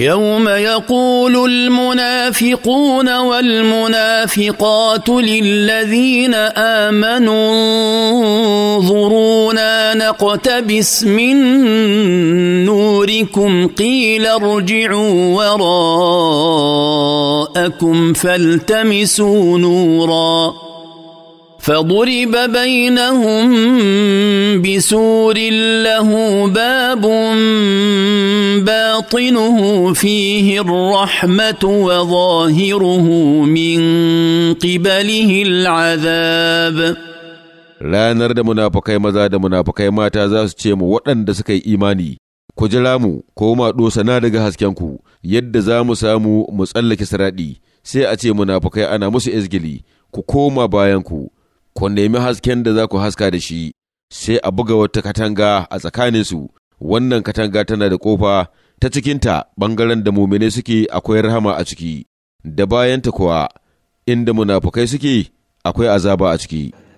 يوم يقول المنافقون والمنافقات للذين امنوا انظرونا نقتبس من نوركم قيل ارجعوا وراءكم فالتمسوا نورا فضرب بينهم بسور له باب باطنه فيه الرحمه وظاهره من قبله العذاب ranar da munafukai maza da munafukai mata za su ce mu waɗanda suka yi imani ku jira mu ko ma sana daga haskenku yadda za mu samu mu tsallake siraɗi sai a ce munafukai ana musu izgili ku koma bayanku ku nemi hasken da za ku haska da shi sai a buga wata katanga a tsakaninsu wannan katanga tana da ƙofa ta cikinta ɓangaren da mumine suke akwai rahama a ciki, da bayanta kuwa inda munafukai suke akwai azaba a ciki.